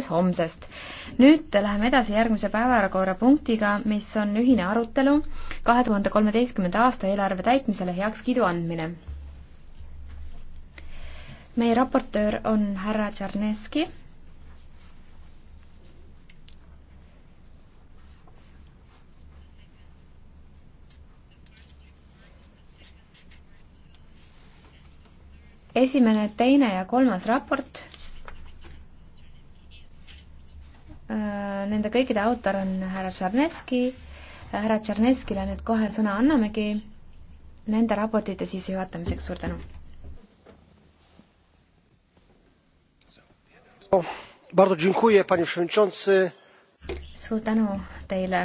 homsest. nüüd läheme edasi järgmise päevakorrapunktiga, mis on ühine arutelu kahe tuhande kolmeteistkümnenda aasta eelarve täitmisele heakskiidu andmine. meie raportöör on härra Tšarneski. esimene, teine ja kolmas raport Äh, nende kõikide autor on härra Tšarneski, härra Tšarneskile nüüd kohe sõna annamegi nende raportite sissejuhatamiseks, suur tänu. suur tänu teile,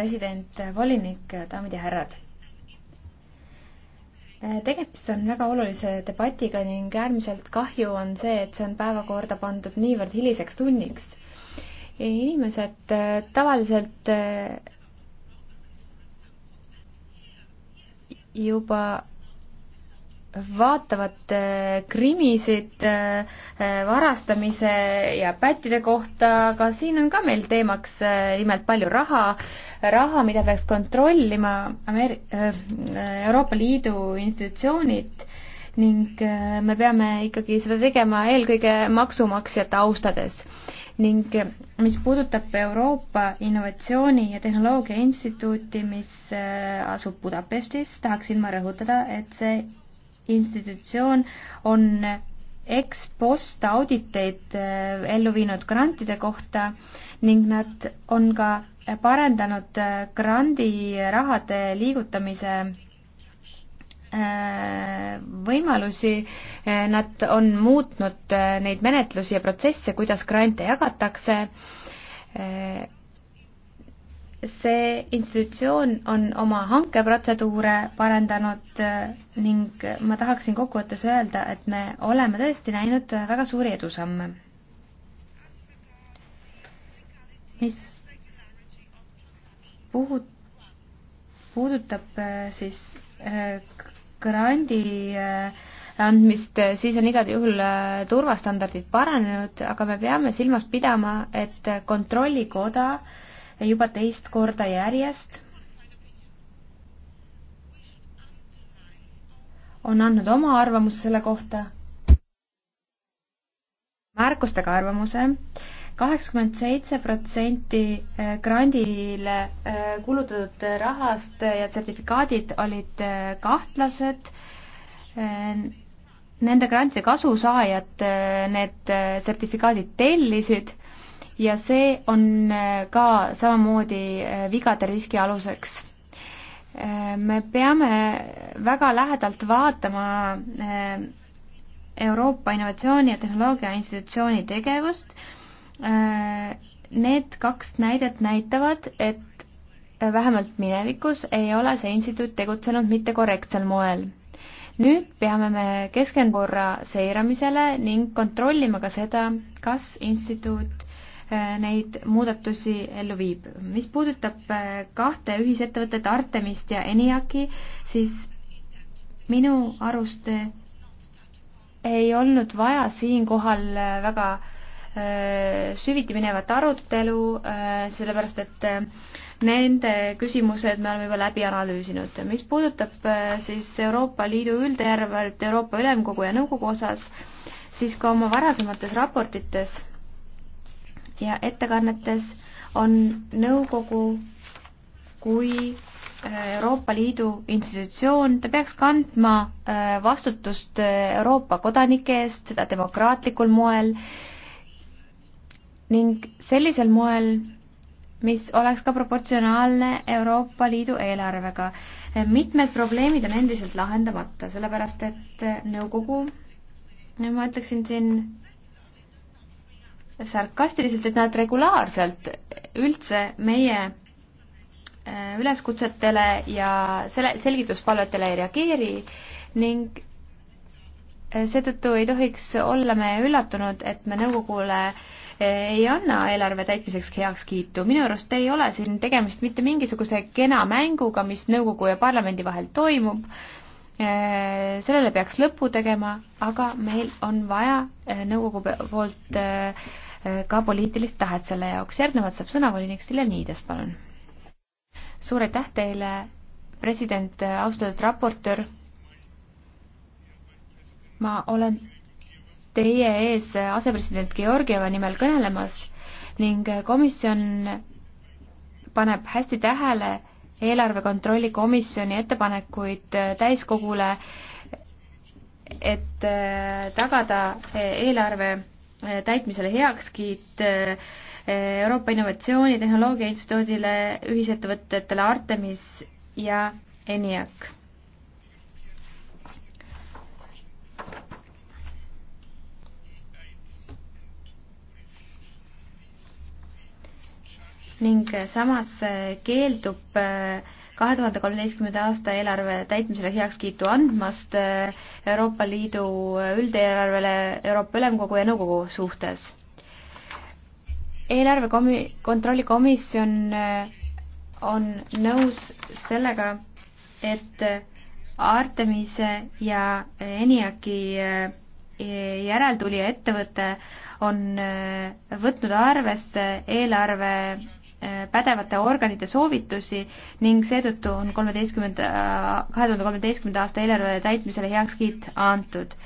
president, volinik, daamid ja härrad äh, tegemist on väga olulise debatiga ning äärmiselt kahju on see, et see on päevakorda pandud niivõrd hiliseks tunniks inimesed äh, tavaliselt äh, juba vaatavad äh, krimisid varastamise ja pättide kohta, aga siin on ka meil teemaks nimelt palju raha, raha, mida peaks kontrollima Ameer-, Euroopa Liidu institutsioonid ning me peame ikkagi seda tegema eelkõige maksumaksjate austades ning eh, mis puudutab Euroopa Innovatsiooni ja Tehnoloogia Instituuti, mis eh, asub Budapestis, tahaksin ma rõhutada, et see institutsioon on ex-post auditeid eh, ellu viinud grantide kohta ning nad on ka parendanud grandi rahade liigutamise Äh, võimalusi, äh, nad on muutnud äh, neid menetlusi ja protsesse, kuidas grante jagatakse. see institutsioon on oma hankeprotseduure parendanud ning ma tahaksin kokkuvõttes öelda, et me oleme tõesti näinud väga suuri edusamme. mis puhut-, puudutab siis grandi äh, andmist, äh, siis on igal juhul äh, turvastandardid paranenud, aga me peame silmas pidama, et Kontrollikoda juba teist korda järjest on andnud oma arvamuse selle kohta, märkustega arvamuse, kaheksakümmend seitse protsenti äh, grandile äh, kulutatud rahast ja sertifikaadid olid äh, kahtlased. Nende grantide kasusaajad need sertifikaadid tellisid ja see on ka samamoodi vigade riski aluseks me peame väga lähedalt vaatama Euroopa Innovatsiooni ja Tehnoloogia Institutsiooni tegevust Äh, need kaks näidet näitavad, et vähemalt minevikus ei ole see instituut tegutsenud mitte korrektsel moel. nüüd peame me keskendkorra seiramisele ning kontrollima ka seda, kas instituut äh, neid muudatusi ellu viib. mis puudutab äh, kahte ühisettevõtet Artemist ja ENIAC-i, siis minu arust ei olnud vaja siinkohal väga äh, Äh, süviti minevat arutelu, äh, sellepärast et äh, nende küsimused me oleme juba läbi analüüsinud. mis puudutab siis Euroopa Liidu üldjärvet Euroopa Ülemkogu ja Nõukogu osas, siis ka oma varasemates raportites ja ettekannetes on nõukogu kui Euroopa Liidu institutsioon, ta peaks kandma vastutust Euroopa kodanike eest, seda demokraatlikul moel ning sellisel moel, mis oleks ka proportsionaalne Euroopa Liidu eelarvega. mitmed probleemid on endiselt lahendamata, sellepärast et nõukogu, ma ütleksin siin sarkastiliselt, et nad regulaarselt üldse meie äh, üleskutsetele ja selle, selgituspalvetele ei reageeri ning äh, seetõttu ei tohiks olla me üllatunud, et me nõukogule ei anna eelarve täitmiseks heakskiitu. minu arust ei ole siin tegemist mitte mingisuguse kena mänguga, mis nõukogu ja parlamendi vahel toimub. Äh, sellele peaks lõpu tegema, aga meil on vaja äh, nõukogu poolt äh, ka poliitilist tahet selle jaoks. järgnevalt saab sõna volinik Stiljanides, palun. suur aitäh teile, president, austatud raportöör. ma olen teie ees asepresident Georgieva nimel kõnelemas ning komisjon paneb hästi tähele eelarve kontrolli komisjoni ettepanekuid täiskogule, et äh, tagada äh, eelarve äh, täitmisele heakskiit Euroopa Innovatsioonitehnoloogia Instituudile, ühisettevõtetele Artemis ja ENIAC ning samas keeldub äh, kahe tuhande kolmeteistkümnenda aasta eelarve täitmisele heakskiitu andmast äh, Euroopa Liidu äh, üldeelarvele Euroopa Ülemkogu ja Nõukogu suhtes. eelarve komi-, kontrollikomisjon on nõus sellega, et Artemise ja ENIAC-i järeltulija ettevõte on võtnud arvesse eelarve Äh, pädevate organite soovitusi ning seetõttu on kolmeteistkümnenda, kahe tuhande kolmeteistkümnenda aasta eelarve täitmisele heakskiit antud.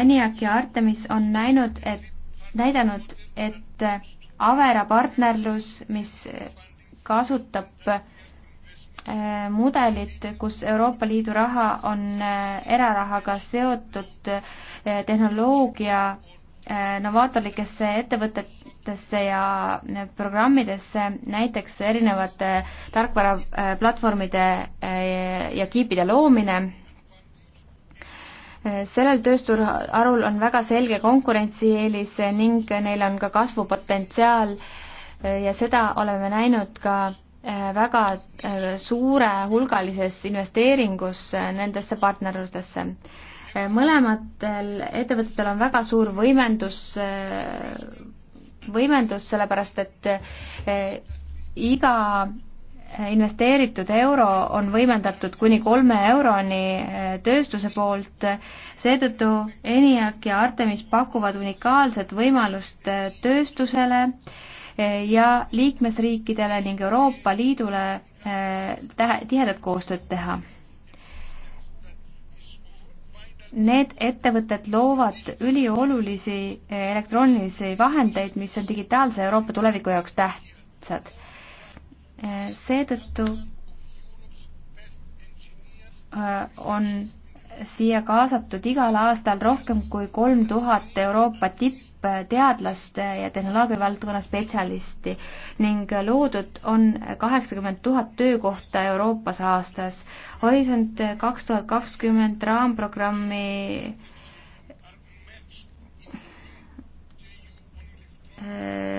Aniak ja Artemis on näinud, et, näidanud, et Avera partnerlus, mis kasutab äh, mudelit, kus Euroopa Liidu raha on äh, erarahaga seotud tehnoloogia Äh, novaatorlikesse ettevõtetesse ja äh, programmidesse, näiteks erinevate äh, tarkvaraplatvormide ja kiipide loomine. sellel tööstusharul on väga selge konkurentsieelis ning neil on ka kasvupotentsiaal ja seda oleme näinud ka väga suurehulgalises investeeringus nendesse partnerlustesse mõlematel ettevõtetel on väga suur võimendus, võimendus, sellepärast et eh, iga investeeritud euro on võimendatud kuni kolme euroni eh, tööstuse poolt, seetõttu ENIAC ja Artemis pakuvad unikaalset võimalust eh, tööstusele ja liikmesriikidele ning Euroopa Liidule tihedat koostööd teha Need ettevõtted loovad üliolulisi eh, elektroonilisi vahendeid, mis on digitaalse Euroopa tuleviku jaoks tähtsad. Eh, seetõttu eh, on siia kaasatud igal aastal rohkem kui kolm tuhat Euroopa tippteadlast ja tehnoloogia valdkonna spetsialisti ning loodud on kaheksakümmend tuhat töökohta Euroopas aastas. Horisont kaks tuhat kakskümmend raamprogrammi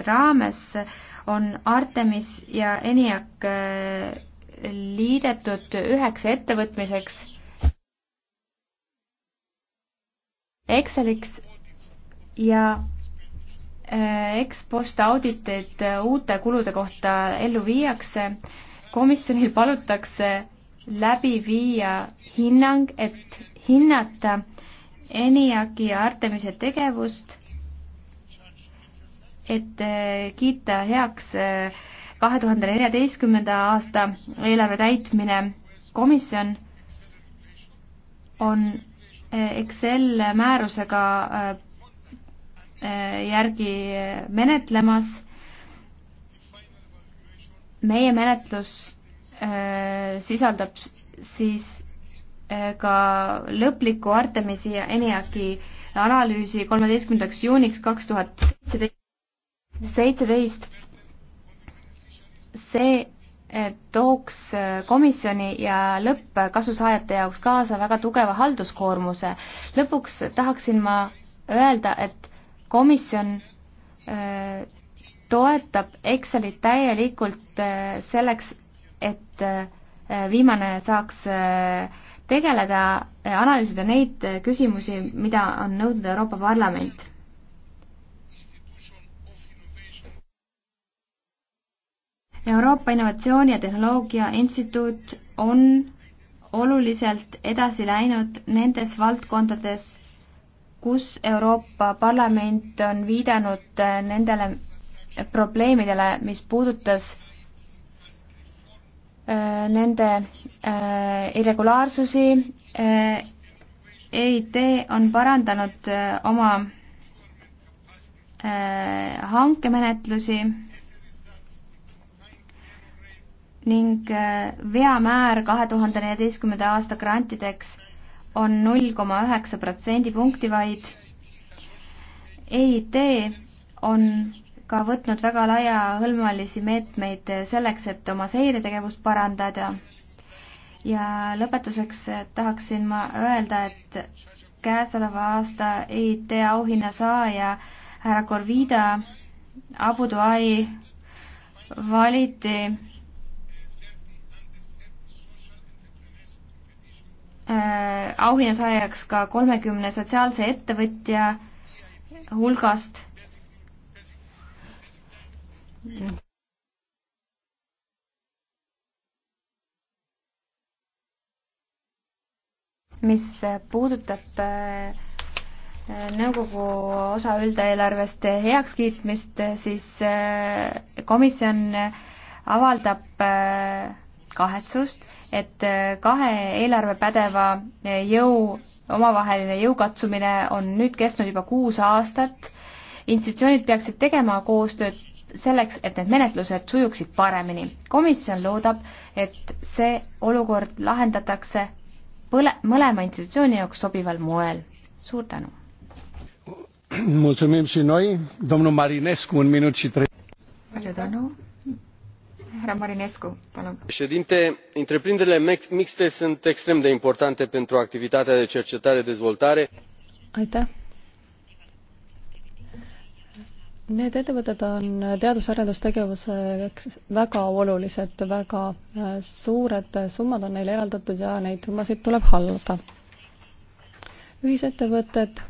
raames on Artemis ja ENIAC liidetud üheks ettevõtmiseks Exceliks ja äh, ekspost auditeid äh, uute kulude kohta ellu viiakse. komisjonil palutakse läbi viia hinnang, et hinnata ENIAC-i ja Artemise tegevust, et äh, kiita heaks kahe tuhande neljateistkümnenda aasta eelarve täitmine. komisjon on Excel määrusega äh, äh, järgi menetlemas. meie menetlus äh, sisaldab siis ka lõplikku Artemisi ja ENIAC-i analüüsi kolmeteistkümnendaks juuniks kaks tuhat seitseteist. see tooks komisjoni ja lõppkasusaajate jaoks kaasa väga tugeva halduskoormuse. lõpuks tahaksin ma öelda, et komisjon äh, toetab Excelit täielikult äh, selleks, et äh, viimane saaks tegeleda, analüüsida neid küsimusi, mida on nõudnud Euroopa Parlament Euroopa Innovatsiooni ja Tehnoloogia Instituut on oluliselt edasi läinud nendes valdkondades, kus Euroopa Parlament on viidanud eh, nendele probleemidele, mis puudutas eh, nende eh, irregulaarsusi. EIT e on parandanud oma hankemenetlusi ning äh, veamäär kahe tuhande neljateistkümnenda aasta grantideks on null koma üheksa protsendipunkti vaid. EIT on ka võtnud väga laiahõlmalisi meetmeid selleks, et oma seiretegevust parandada. ja lõpetuseks tahaksin ma öelda, et käesoleva aasta EIT auhinna saaja härra Corvida Abu Dhabi valiti Äh, auhinna saajaks ka kolmekümne sotsiaalse ettevõtja hulgast. mis puudutab äh, nõukogu osa üldeelarvest heakskiitmist, siis äh, komisjon avaldab kahetsust et äh, kahe eelarvepädeva äh, jõu omavaheline jõukatsumine on nüüd kestnud juba kuus aastat. institutsioonid peaksid tegema koostööd selleks, et need menetlused sujuksid paremini. komisjon loodab, et see olukord lahendatakse põle, mõlema institutsiooni jaoks sobival moel. suur tänu. palju tänu härra Marinescu, palun. întreprinderile mixte sunt extrem de importante pentru activitatea de cercetare dezvoltare. aitäh. Need ettevõtted on teadus-arendustegevuseks väga olulised, väga äh, suured summad on neile eraldatud ja neid summasid tuleb hallata. ühisettevõtted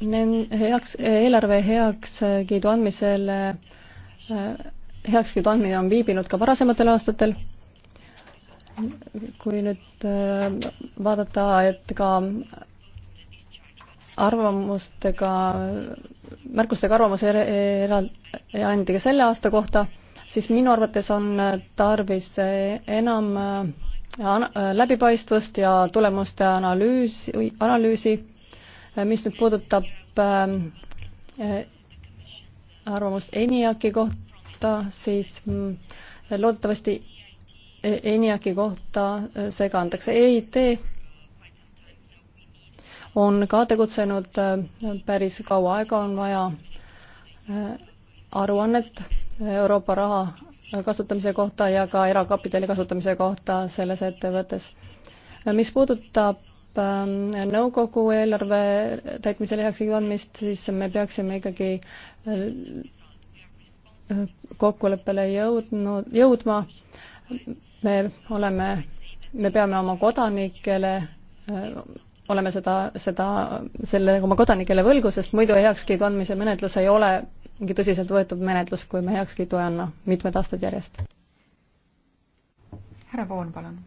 heaks, eelarve heakskiidu andmisele, äh, heakskiidu andmine on viibinud ka varasematel aastatel, kui nüüd äh, vaadata, et ka arvamustega, märkustega arvamuse er-, eral-, andi ka selle aasta kohta, siis minu arvates on tarvis enam äh, läbipaistvust ja tulemuste analüüsi, analüüsi Äh, mis nüüd puudutab ähm, äh, arvamust ENIAC-i kohta, siis mm, loodetavasti e-, ENIAC-i kohta äh, seega antakse EIT on ka tegutsenud päris kaua aega, on vaja aruannet Euroopa raha kasutamise kohta ja ka erakapitali kasutamise kohta selles ettevõttes. mis puudutab Ähm, nõukogu eelarve täitmisele heakskiidu andmist, siis me peaksime ikkagi äh, kokkuleppele jõudnud, jõudma. me oleme, me peame oma kodanikele, äh, oleme seda, seda, selle oma kodanikele võlgu, sest muidu heakskiidu andmise menetlus ei ole mingi tõsiseltvõetav menetlus, kui me heakskiidu ei anna mitmed aastad järjest. härra Voon, palun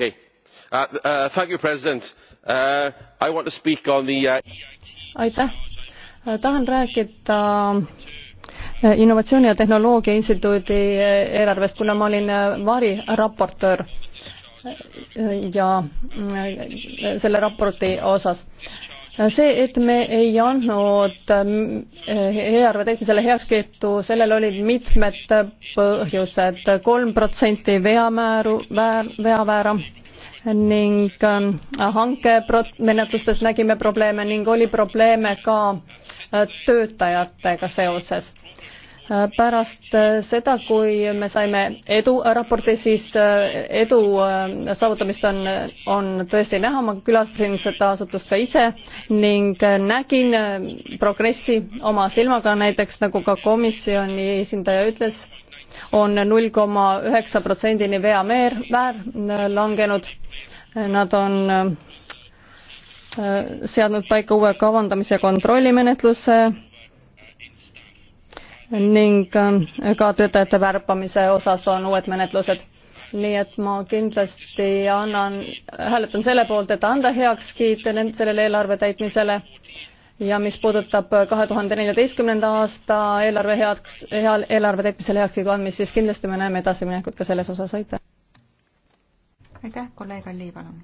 Uh, uh, uh, aitäh! tahan rääkida innovatsiooni ja tehnoloogia instituudi eelarvest kuna ma olin variraportöör ja selle raporti osas see, et me ei andnud äh, eelarve täitmisele heakskiitu, sellel olid mitmed põhjused, kolm protsenti veamääru, veamäära ning äh, hankemenetlustes nägime probleeme ning oli probleeme ka äh, töötajatega seoses pärast äh, seda, kui me saime edu raporti, siis äh, edu äh, saavutamist on, on tõesti näha, ma külastasin seda asutust ka ise ning nägin progressi oma silmaga, näiteks nagu ka komisjoni esindaja ütles on, on null koma üheksa protsendini veamäär, väär langenud. Nad on seadnud paika uue kavandamise kontrollimenetluse ning äh, ka töötajate värbamise osas on uued menetlused. nii et ma kindlasti annan, hääletan selle poolt, et anda heakskiit sellele eelarve täitmisele ja mis puudutab äh, kahe tuhande neljateistkümnenda aasta eelarve heaks, hea eelarve täitmisele heakskiidu andmist, siis kindlasti me näeme edasiminekut ka selles osas, aitäh. aitäh, kolleeg Alli, palun.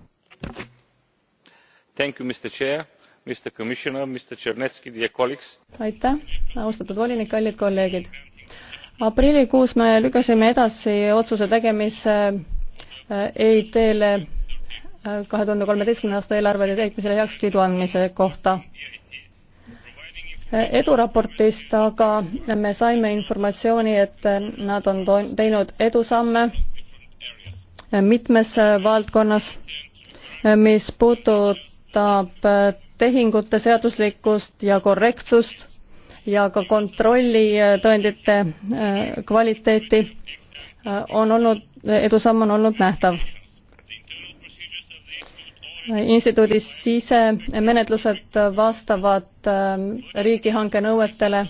Thank you, Mr Chair aitäh austatud volinik kallid kolleegid aprillikuus me lükkasime edasi otsuse tegemise eh, EIT-le eh, kahe tuhande kolmeteistkümnenda aasta eelarve täitmisele heakskiidu andmise kohta eh, eduraportist aga me saime informatsiooni et nad on teinud edusamme mitmes valdkonnas mis puudutab tehingute seaduslikkust ja korrektsust ja ka kontrollitõendite äh, äh, kvaliteeti äh, on olnud, edusamm on olnud nähtav. instituudi sisemenetlused vastavad riigihanke nõuetele.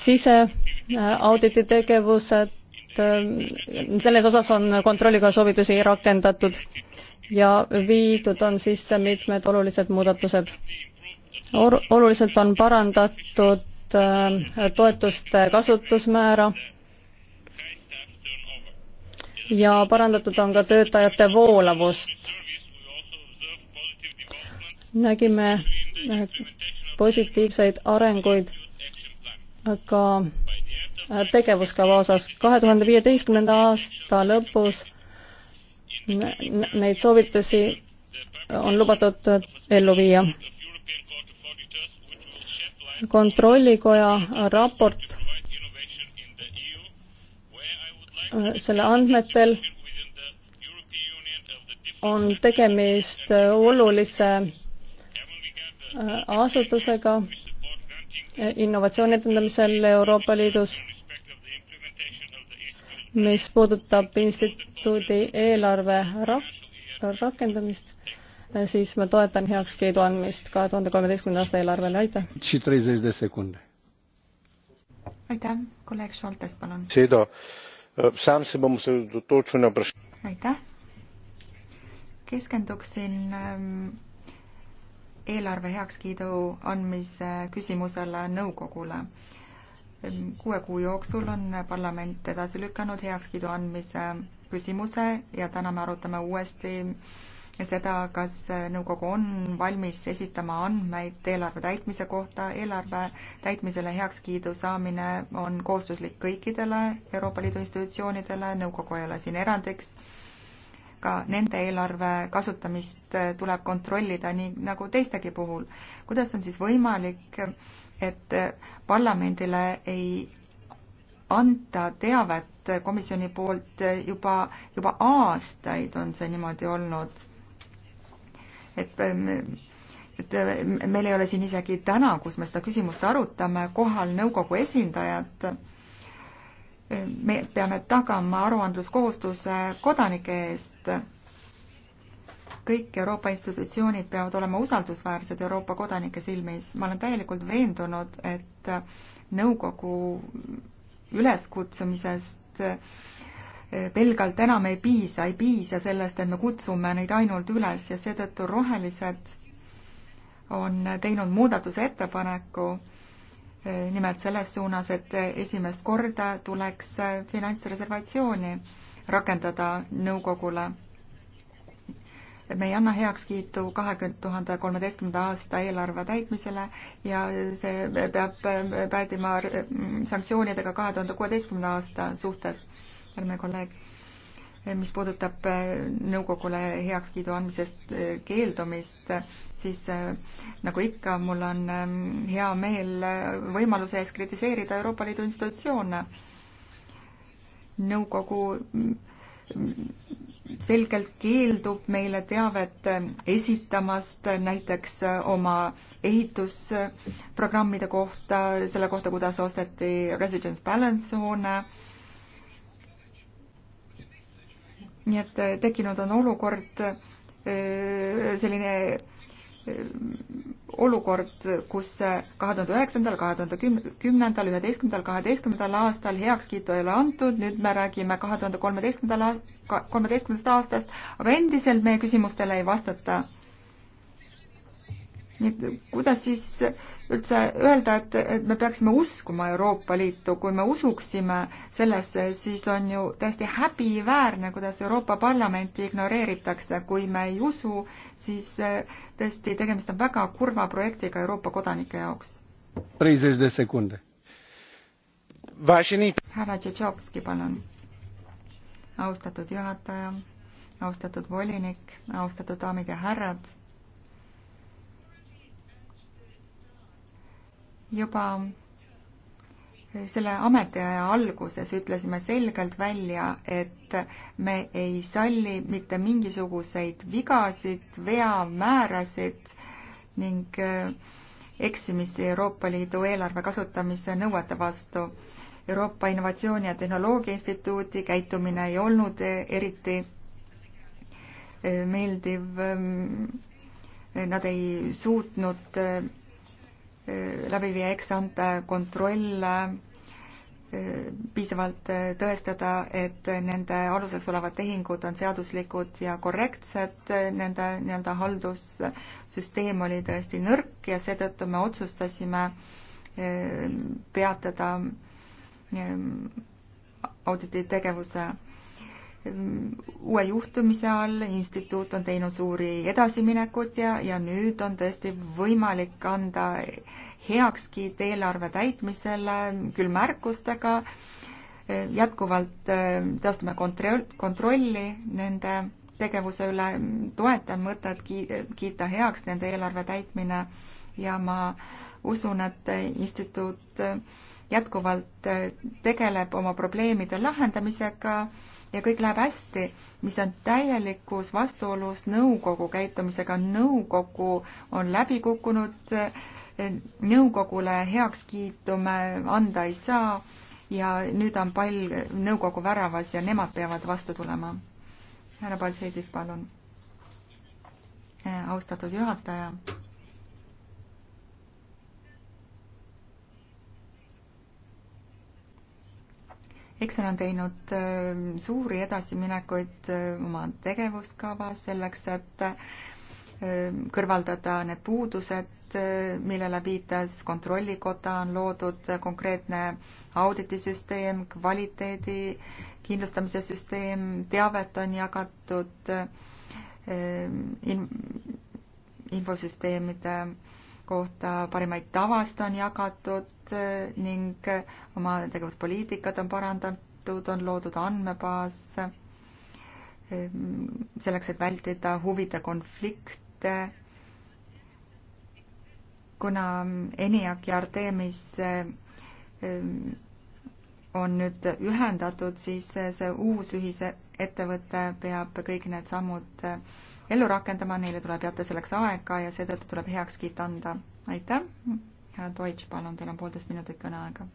siseauditi tegevused, selles osas on kontrollikoja soovitusi rakendatud ja viidud on sisse mitmed olulised muudatused. oluliselt on parandatud äh, toetuste kasutusmäära ja parandatud on ka töötajate voolavust. nägime äh, positiivseid arenguid ka äh, tegevuskava osas. kahe tuhande viieteistkümnenda aasta lõpus neid soovitusi on lubatud ellu viia. kontrollikoja raport selle andmetel on tegemist olulise äh, asutusega innovatsiooni edendamisel Euroopa Liidus mis puudutab instituudi eelarve rak-, rakendamist, siis ma toetan heakskiidu andmist kahe tuhande kolmeteistkümnenda aasta eelarvele, aitäh. aitäh, kolleeg Šoltes, palun. aitäh. keskenduksin ähm, eelarve heakskiidu andmise küsimusele nõukogule kuue kuu jooksul on parlament edasi lükanud heakskiidu andmise küsimuse ja täna me arutame uuesti seda, kas nõukogu on valmis esitama andmeid eelarve täitmise kohta. eelarve täitmisele heakskiidu saamine on kohustuslik kõikidele Euroopa Liidu institutsioonidele, nõukogu ei ole siin erandiks. ka nende eelarve kasutamist tuleb kontrollida, nii nagu teistegi puhul. kuidas on siis võimalik et parlamendile ei anta teavet komisjoni poolt juba, juba aastaid on see niimoodi olnud. et, et meil ei ole siin isegi täna, kus me seda küsimust arutame, kohal nõukogu esindajat. me peame tagama aruandluskohustuse kodanike eest kõik Euroopa institutsioonid peavad olema usaldusväärsed Euroopa kodanike silmis. ma olen täielikult veendunud, et nõukogu üleskutsumisest eh, pelgalt enam ei piisa, ei piisa sellest, et me kutsume neid ainult üles ja seetõttu rohelised on teinud muudatusettepaneku eh, nimelt selles suunas, et esimest korda tuleks eh, finantsreservatsiooni rakendada nõukogule me ei anna heakskiitu kahekümne tuhande kolmeteistkümnenda aasta eelarve täitmisele ja see peab päädima sanktsioonidega kahe tuhande kuueteistkümnenda aasta suhtes, järgmine kolleeg, mis puudutab nõukogule heakskiidu andmisest keeldumist, siis nagu ikka, mul on hea meel võimaluse ees kritiseerida Euroopa Liidu institutsioone. nõukogu selgelt keeldub meile teavet esitamast näiteks äh, oma ehitusprogrammide kohta, selle kohta, kuidas osteti residence balance hoone. nii et äh, tekkinud on olukord äh, selline olukord, kus kahe tuhande üheksandal, kahe tuhande kümnendal, üheteistkümnendal, kaheteistkümnendal aastal heakskiitu ei ole antud, nüüd me räägime kahe tuhande kolmeteistkümnendal, kolmeteistkümnendast aastast, aga endiselt meie küsimustele ei vastata nii et kuidas siis üldse öelda, et, et me peaksime uskuma Euroopa Liitu, kui me usuksime sellesse, siis on ju täiesti häbiväärne, kuidas Euroopa Parlamenti ignoreeritakse, kui me ei usu, siis eh, tõesti tegemist on väga kurva projektiga Euroopa kodanike jaoks. härra Tšetšovski, palun. austatud juhataja, austatud volinik, austatud daamid ja härrad juba selle ametiaja alguses ütlesime selgelt välja, et me ei salli mitte mingisuguseid vigasid, veamäärasid ning äh, eksimisi Euroopa Liidu eelarve kasutamise nõuete vastu. Euroopa Innovatsiooni ja Tehnoloogia Instituudi käitumine ei olnud äh, eriti äh, meeldiv. Ähm, nad ei suutnud läbi viia eksante kontrolle, e, piisavalt e, tõestada, et nende aluseks olevad tehingud on seaduslikud ja korrektsed, nende nii-öelda haldussüsteem oli tõesti nõrk ja seetõttu me otsustasime e, peatada auditi tegevuse uue juhtumise all, instituut on teinud suuri edasiminekuid ja, ja nüüd on tõesti võimalik anda heakskiit eelarve täitmisele küll märkustega, jätkuvalt äh, teostame kontroll, kontrolli nende tegevuse üle, toetan mõtet kiita heaks nende eelarve täitmine ja ma usun, et instituut jätkuvalt äh, tegeleb oma probleemide lahendamisega ja kõik läheb hästi, mis on täielikus vastuolus nõukogu käitumisega. nõukogu on läbi kukkunud, nõukogule heakskiitu me anda ei saa ja nüüd on pall nõukogu väravas ja nemad peavad vastu tulema. härra Baltseidis, palun. austatud juhataja Excel on teinud äh, suuri edasiminekuid äh, oma tegevuskavas selleks, et äh, kõrvaldada need puudused, millele viitas Kontrollikoda, on loodud konkreetne auditisüsteem, kvaliteedi kindlustamise süsteem, teavet on jagatud infosüsteemide kohta parimaid tavasid on jagatud eh, ning eh, oma tegevuspoliitikat on parandatud, on loodud andmebaas eh, selleks, et vältida huvide konflikte. kuna ENIAC ja Artemis on nüüd ühendatud, siis see uus ühisettevõte peab kõik need sammud ellu rakendama, neile tuleb jätta selleks aega ja seetõttu tuleb heakskiit anda. aitäh, härra Deutsch, palun, teil on poolteist minutit kõneaega.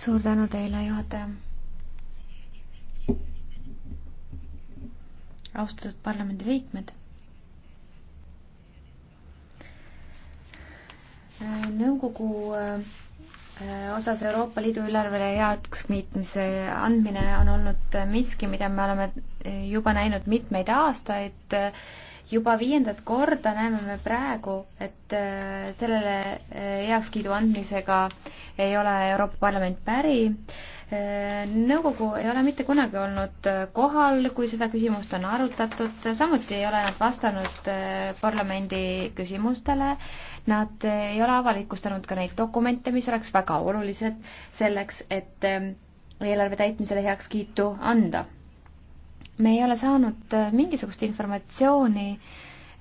suur tänu teile, juhataja. austatud parlamendiliikmed nõukogu äh, Äh, osas Euroopa Liidu ülearvele heakskiitmise andmine on olnud miski, mida me oleme äh, juba näinud mitmeid aastaid. juba viiendat korda näeme me praegu, et äh, sellele heakskiidu andmisega ei ole Euroopa Parlament päri nõukogu ei ole mitte kunagi olnud kohal, kui seda küsimust on arutatud, samuti ei ole nad vastanud eh, parlamendi küsimustele. Nad ei ole avalikustanud ka neid dokumente, mis oleks väga olulised selleks, et eh, eelarve täitmisele heakskiitu anda. me ei ole saanud mingisugust informatsiooni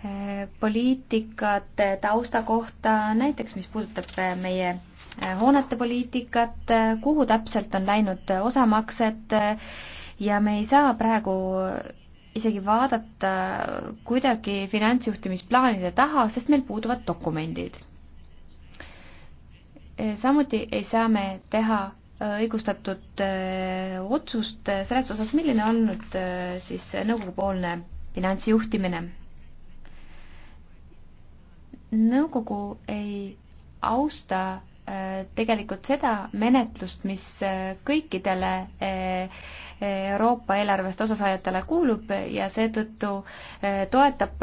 eh, poliitikate tausta kohta, näiteks mis puudutab meie Eh, hoonete poliitikat, eh, kuhu täpselt on läinud eh, osamaksed ja me ei saa praegu isegi vaadata kuidagi finantsjuhtimisplaanide taha, sest meil puuduvad dokumendid. samuti ei saa me teha õigustatud otsust selles osas, milline on nüüd siis nõukogupoolne finantsjuhtimine. nõukogu ei austa Äh, tegelikult seda menetlust, mis äh, kõikidele äh, Euroopa eelarvest osasaajatele kuulub ja seetõttu toetab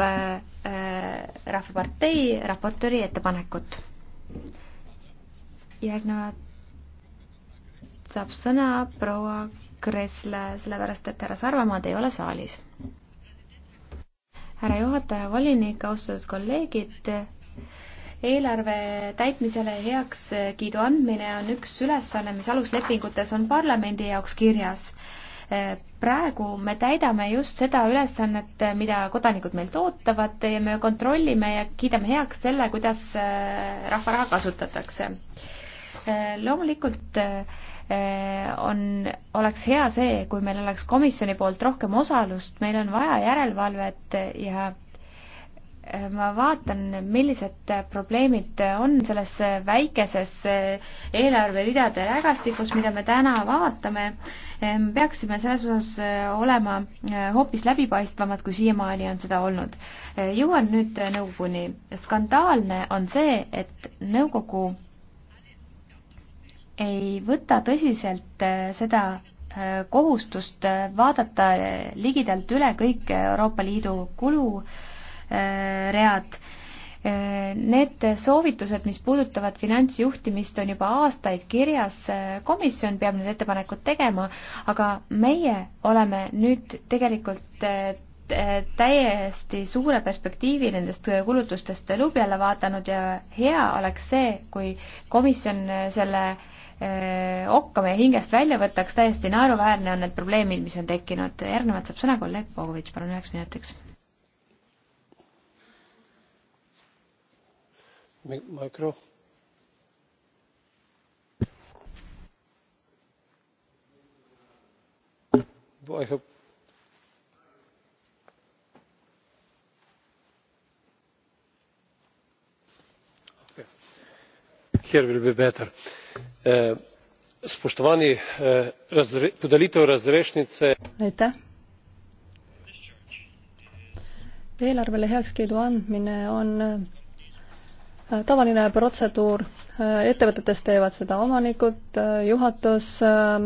Rahvapartei raportööri ettepanekut. järgnevalt saab sõna proua Kresle, sellepärast et härra Sarvamaad ei ole saalis. härra juhataja, volinik, austatud kolleegid eelarve täitmisele heakskiidu andmine on üks ülesanne, mis aluslepingutes on parlamendi jaoks kirjas. praegu me täidame just seda ülesannet, mida kodanikud meilt ootavad ja me kontrollime ja kiidame heaks selle, kuidas äh, rahva raha kasutatakse. Äh, loomulikult äh, on, oleks hea see, kui meil oleks komisjoni poolt rohkem osalust, meil on vaja järelevalvet ja ma vaatan, millised probleemid on selles väikeses eelarveridade rägastikus, mida me täna vaatame. me peaksime selles osas eh, olema eh, hoopis läbipaistvamad, kui siiamaani on seda olnud. Eh, jõuan nüüd nõukoguni. skandaalne on see, et nõukogu ei võta tõsiselt seda kohustust vaadata ligidalt üle kõik Euroopa Liidu kulu äh, Äh, read. Äh, need soovitused, mis puudutavad finantsjuhtimist, on juba aastaid kirjas, äh, komisjon peab need ettepanekud tegema, aga meie oleme nüüd tegelikult täiesti suure perspektiivi nendest kulutustest luubi alla vaadanud ja hea oleks see, kui komisjon selle okka meie hingest välja võtaks, täiesti naeruväärne on need probleemid, mis on tekkinud. järgnevalt saab sõna kolleeg Pogovitš, palun üheks minutiks Eh, spoštovani eh, podelitev razrešnice. eelarvele heakskiidu andmine on prioriteetne teema mis puudutab nii meie majandust kui ka euroopa liitu tavaline protseduur, ettevõtetes teevad seda omanikud, juhatus,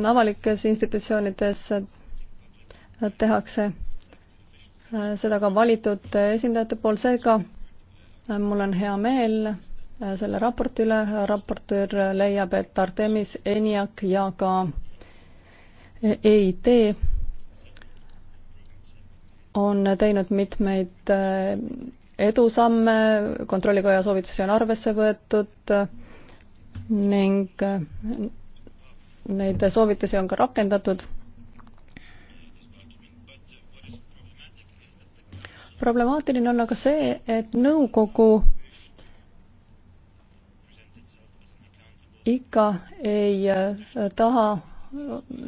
avalikes institutsioonides tehakse seda ka valitud esindajate poolt, seega mul on hea meel selle raporti üle, raportöör leiab, et Artemis, ENIAC ja ka EIT on teinud mitmeid edusamme, Kontrollikoja soovitusi on arvesse võetud ning neid soovitusi on ka rakendatud. problemaatiline on aga see, et nõukogu ikka ei taha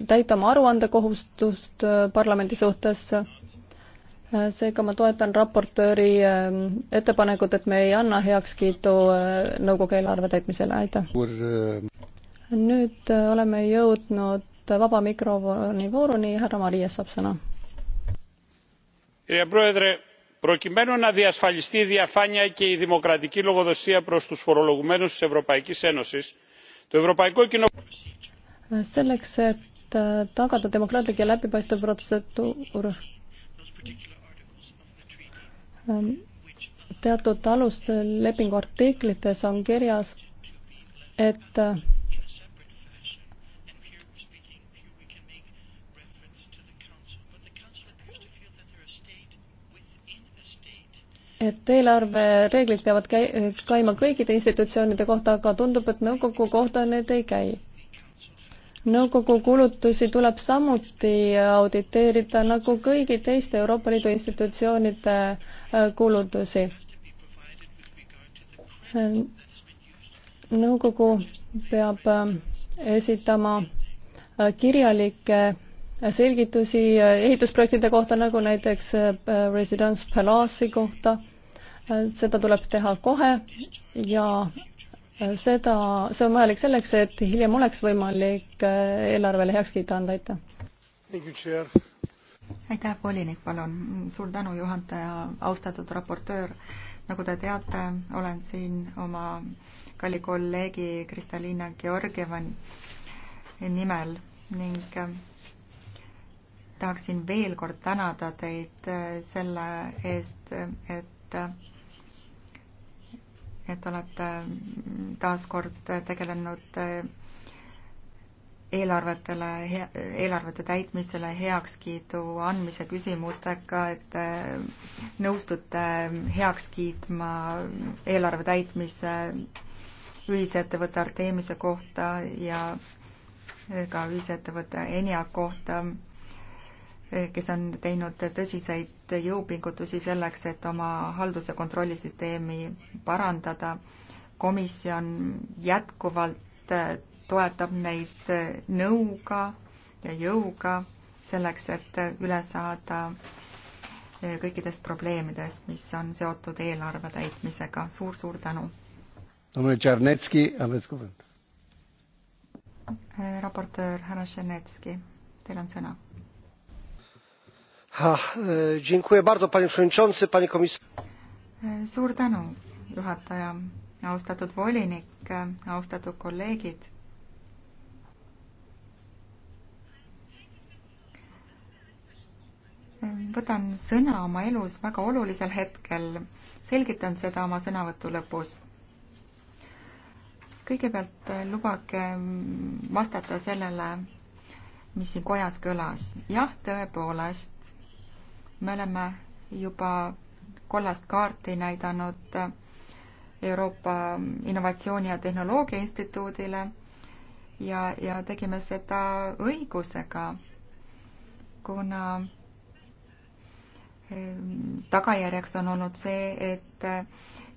täita oma aruandekohustust parlamendi suhtes seega ma toetan raportööri ähm, ettepanekut, et me ei anna heakskiitu äh, nõukogu eelarve täitmisele, aitäh. Äh, nüüd äh, oleme jõudnud vaba mikrofoni vooruni, härra Marias saab sõna. προκειμένου να διασφαλιστεί η διαφάνεια και η δημοκρατική λογοδοσία προς τους φορολογουμένους της Ευρωπαϊκής Ένωσης, το Ευρωπαϊκό Κοινοβούλιο... Selleks, et tagada demokraatlik ja läbipaistev protseduur Ähm, teatud alustel lepingu artiklites on kirjas, et äh, et eelarvereeglid peavad käi-, käima kõikide institutsioonide kohta, aga tundub, et nõukogu kohta need ei käi. nõukogu kulutusi tuleb samuti auditeerida nagu kõigi teiste Euroopa Liidu institutsioonide kulutusi. nõukogu peab äh, esitama äh, kirjalikke selgitusi äh, ehitusprojektide kohta, nagu näiteks Residence Palace'i kohta. seda tuleb teha kohe ja seda, see on vajalik selleks, et hiljem oleks võimalik eelarvele heakskiit anda, aitäh aitäh, volinik, palun. suur tänu, juhataja, austatud raportöör. nagu te teate, olen siin oma kalli kolleegi Kristalina Georgieva nimel ning äh, tahaksin veel kord tänada teid äh, selle eest, et äh, et olete taas kord tegelenud eelarvetele, eelarvete täitmisele heakskiidu andmise küsimustega, et äh, nõustute heaks kiitma eelarve täitmise ühisettevõtte Artemise kohta ja äh, ka ühisettevõtte Enia kohta, äh, kes on teinud tõsiseid jõupingutusi selleks, et oma haldus- ja kontrollisüsteemi parandada. komisjon jätkuvalt toetab neid eh, nõuga ja jõuga selleks, et eh, üle saada eh, kõikidest probleemidest, mis on seotud eelarve täitmisega suur,. suur-suur tänu. raportöör härra Tšernetski, teil on sõna. suur tänu, juhataja, austatud volinik, austatud kolleegid võtan sõna oma elus väga olulisel hetkel. selgitan seda oma sõnavõtu lõpus. kõigepealt äh, lubage vastata sellele, mis siin kojas kõlas. jah, tõepoolest, me oleme juba kollast kaarti näidanud äh, Euroopa Innovatsiooni ja Tehnoloogia Instituudile ja, ja tegime seda õigusega, kuna tagajärjeks on olnud see, et äh,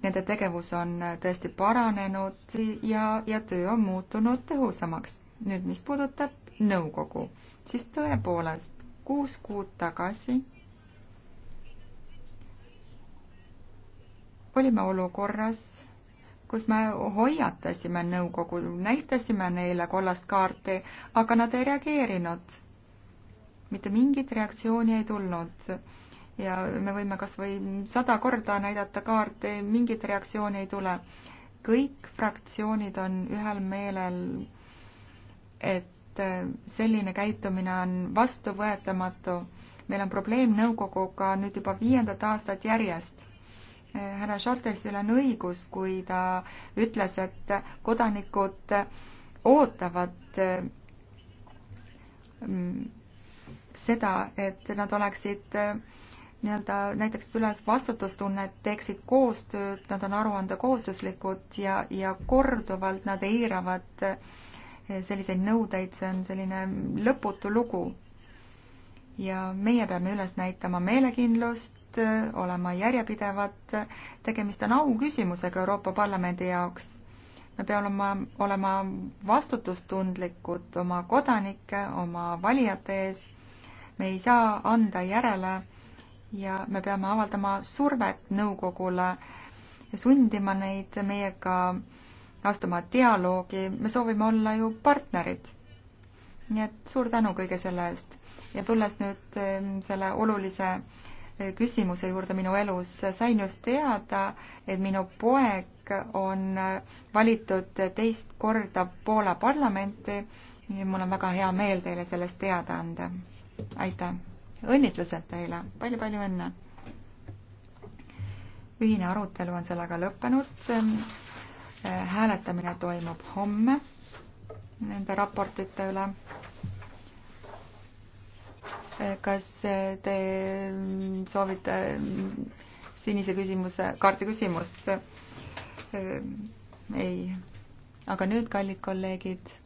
nende tegevus on äh, tõesti paranenud ja, ja töö on muutunud tõhusamaks. nüüd, mis puudutab nõukogu, siis tõepoolest kuus kuud tagasi olime olukorras, kus me hoiatasime nõukogu, näitasime neile kollast kaarti, aga nad ei reageerinud. mitte mingit reaktsiooni ei tulnud ja me võime kas või sada korda näidata kaarti, mingit reaktsiooni ei tule. kõik fraktsioonid on ühel meelel, et äh, selline käitumine on vastuvõetamatu. meil on probleem nõukoguga nüüd juba viiendat aastat järjest. Äh, härra Šoltesil on õigus, kui ta ütles, et kodanikud ootavad äh, mm, seda, et nad oleksid äh, nii-öelda näitaksid üles vastutustunnet, teeksid koostööd, nad on aruandekohustuslikud ja, ja korduvalt nad eiravad eh, selliseid nõudeid, see on selline lõputu lugu. ja meie peame üles näitama meelekindlust, eh, olema järjepidevad, tegemist on auküsimusega Euroopa Parlamendi jaoks. me peame olema, olema vastutustundlikud oma kodanike, oma valijate ees, me ei saa anda järele ja me peame avaldama survet nõukogule ja sundima neid meiega astuma dialoogi, me soovime olla ju partnerid. nii et suur tänu kõige selle eest ja tulles nüüd selle olulise e, küsimuse juurde minu elus, sain just teada, et minu poeg on e, valitud teist korda Poola parlamenti. mul on väga hea meel teile sellest teada anda. aitäh! õnnitlused teile palju,, palju-palju õnne! ühine arutelu on sellega lõppenud. hääletamine toimub homme nende raportite üle. kas te soovite sinise küsimuse, kaarti küsimust? ei, aga nüüd, kallid kolleegid